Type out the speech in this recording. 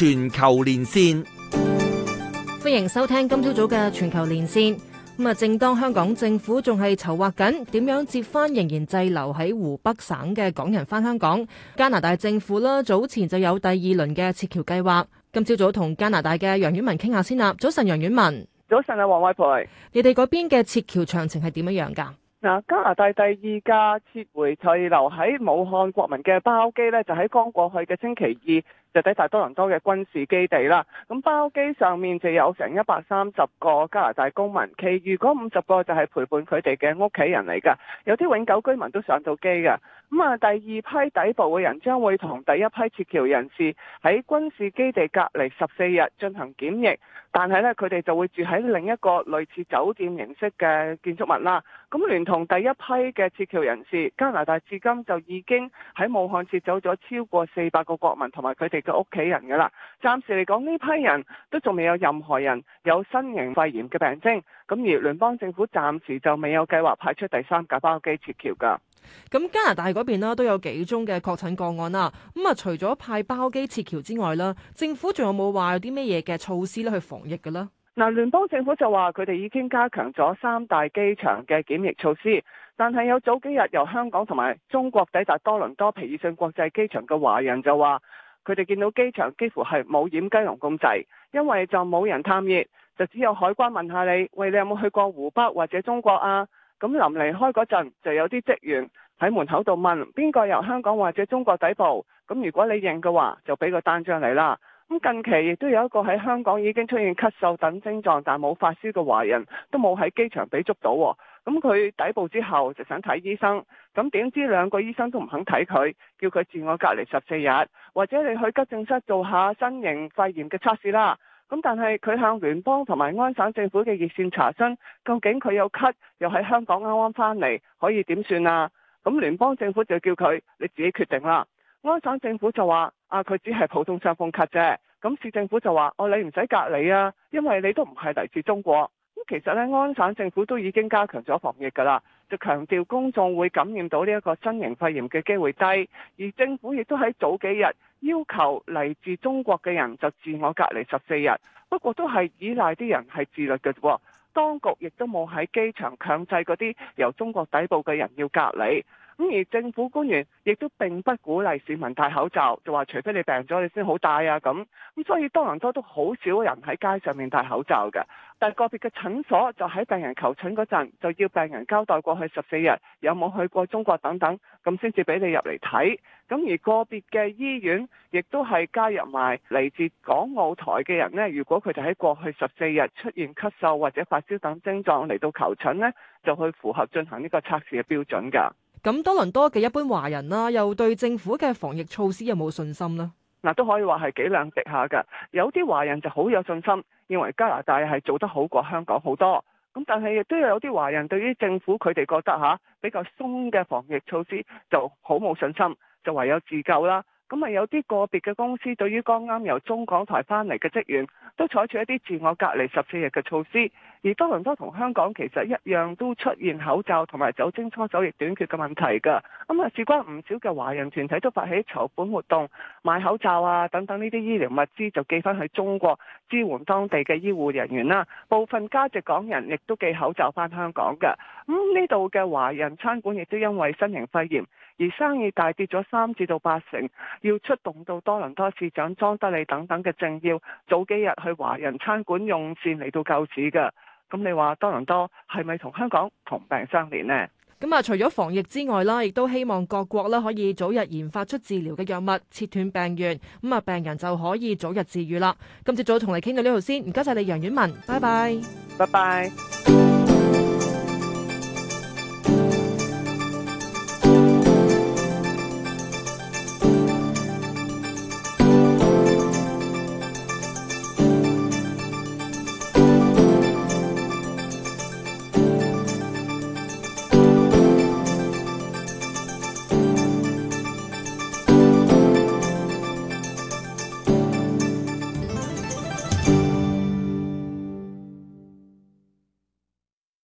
全球連線，歡迎收聽今朝早嘅全球連線。咁啊，正當香港政府仲係籌劃緊點樣接翻仍然滯留喺湖北省嘅港人返香港，加拿大政府啦，早前就有第二輪嘅撤僑計劃。今朝早同加拿大嘅楊婉文傾下先啦。早晨，楊婉文。早晨啊，王慧蓓。你哋嗰邊嘅撤僑詳情係點樣樣㗎？嗱，加拿大第二架撤回滯留喺武漢國民嘅包機呢，就喺剛過去嘅星期二。就抵達多倫多嘅軍事基地啦，咁包機上面就有成一百三十個加拿大公民，其餘五十個就係陪伴佢哋嘅屋企人嚟㗎，有啲永久居民都上到機㗎。咁啊，第二批抵埗嘅人將會同第一批撤僑人士喺軍事基地隔離十四日進行檢疫，但係呢，佢哋就會住喺另一個類似酒店形式嘅建築物啦。咁連同第一批嘅撤僑人士，加拿大至今就已經喺武漢撤走咗超過四百個國民同埋佢哋。嘅屋企人噶啦，暫時嚟講呢批人都仲未有任何人有新型肺炎嘅病徵。咁而聯邦政府暫時就未有計劃派出第三架包機撤僑噶。咁加拿大嗰邊咧都有幾宗嘅確診個案啦。咁啊，除咗派包機撤僑之外啦，政府仲有冇話有啲咩嘢嘅措施咧去防疫嘅咧？嗱，聯邦政府就話佢哋已經加強咗三大機場嘅檢疫措施，但係有早幾日由香港同埋中國抵達多倫多皮爾遜國際機場嘅華人就話。佢哋見到機場幾乎係冇掩雞籠咁滯，因為就冇人探熱，就只有海關問下你，喂，你有冇去過湖北或者中國啊？咁臨離開嗰陣，就有啲職員喺門口度問邊個由香港或者中國抵步？咁如果你認嘅話，就俾個單張嚟啦。咁近期亦都有一個喺香港已經出現咳嗽等症狀，但冇發燒嘅華人都冇喺機場俾捉到喎。咁佢抵埗之後就想睇醫生，咁點知兩個醫生都唔肯睇佢，叫佢自我隔離十四日，或者你去急症室做下新型肺炎嘅測試啦。咁但係佢向聯邦同埋安省政府嘅熱線查詢，究竟佢有咳，又喺香港啱啱返嚟，可以點算啊？咁聯邦政府就叫佢你自己決定啦。安省政府就話：啊，佢只係普通傷風咳啫。咁市政府就話：哦，你唔使隔離啊，因為你都唔係嚟自中國。其實咧，安省政府都已經加強咗防疫㗎啦，就強調公眾會感染到呢一個新型肺炎嘅機會低，而政府亦都喺早幾日要求嚟自中國嘅人就自我隔離十四日。不過都係依賴啲人係自律嘅喎，當局亦都冇喺機場強制嗰啲由中國抵步嘅人要隔離。咁而政府官員亦都並不鼓勵市民戴口罩，就話除非你病咗，啊，你先好戴啊咁。咁所以多倫多都好少人喺街上面戴口罩嘅。但係個別嘅診所就喺病人求診嗰陣，就要病人交代過去十四日有冇去過中國等等，咁先至俾你入嚟睇。咁而個別嘅醫院亦都係加入埋嚟自港澳台嘅人呢，如果佢哋喺過去十四日出現咳嗽或者發燒等症狀嚟到求診呢，就會符合進行呢個測試嘅標準㗎。咁多倫多嘅一般華人啦、啊，又對政府嘅防疫措施有冇信心呢？嗱，都可以話係幾兩極下㗎。有啲華人就好有信心，認為加拿大係做得好過香港好多，咁但係亦都有啲華人對於政府佢哋覺得吓比較鬆嘅防疫措施就好冇信心，就唯有自救啦。咁啊，有啲個別嘅公司對於剛啱由中港台返嚟嘅職員，都採取一啲自我隔離十四日嘅措施。而多倫多同香港其實一樣，都出現口罩同埋酒精搓手液短缺嘅問題㗎。咁啊，事關唔少嘅華人團體都發起籌款活動，買口罩啊等等呢啲醫療物資，就寄返去中國支援當地嘅醫護人員啦、啊。部分加籍港人亦都寄口罩返香港㗎。咁呢度嘅華人餐館亦都因為新型肺炎。而生意大跌咗三至到八成，要出動到多倫多市長莊德利等等嘅政要，早幾日去華人餐館用膳嚟到救市噶，咁你話多倫多係咪同香港同病相憐咧？咁啊，除咗防疫之外啦，亦都希望各國啦可以早日研發出治療嘅藥物，切斷病源，咁啊病人就可以早日治愈啦。今次早同你傾到呢度先，唔該晒，你楊婉文，拜拜，拜拜。